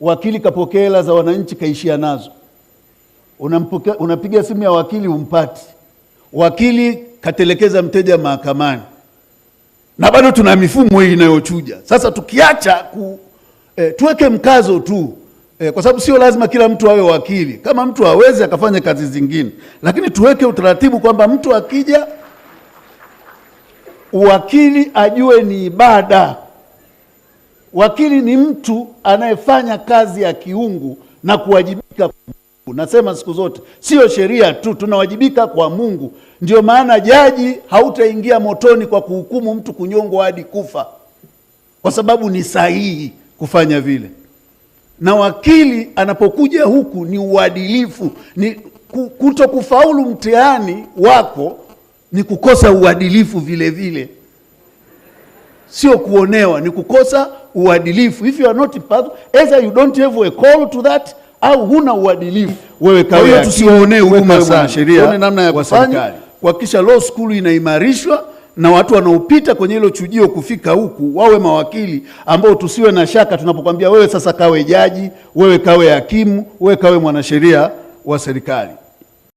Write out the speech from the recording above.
wakili kapokea hela za wananchi kaishia nazo, unapiga simu ya wakili umpati, wakili katelekeza mteja mahakamani, na bado tuna mifumo hii inayochuja. Sasa tukiacha ku, eh, tuweke mkazo tu eh, kwa sababu sio lazima kila mtu awe wakili. Kama mtu hawezi akafanya kazi zingine, lakini tuweke utaratibu kwamba mtu akija uwakili ajue ni ibada wakili ni mtu anayefanya kazi ya kiungu na kuwajibika kwa Mungu. Nasema siku zote, sio sheria tu, tunawajibika kwa Mungu. Ndio maana jaji hautaingia motoni kwa kuhukumu mtu kunyongwa hadi kufa, kwa sababu ni sahihi kufanya vile. Na wakili anapokuja huku ni uadilifu, ni kuto kufaulu mtihani wako, ni kukosa uadilifu vile vile sio kuonewa, ni kukosa uadilifu. If you are not either you don't have a call to that au huna uadilifu wewe. Kwa hiyo tusionee huruma sana, kwa namna ya kufanya kuhakikisha law school inaimarishwa na watu wanaopita kwenye hilo chujio kufika huku wawe mawakili ambao tusiwe na shaka tunapokwambia wewe sasa kawe jaji, wewe kawe hakimu, wewe kawe mwanasheria wa serikali.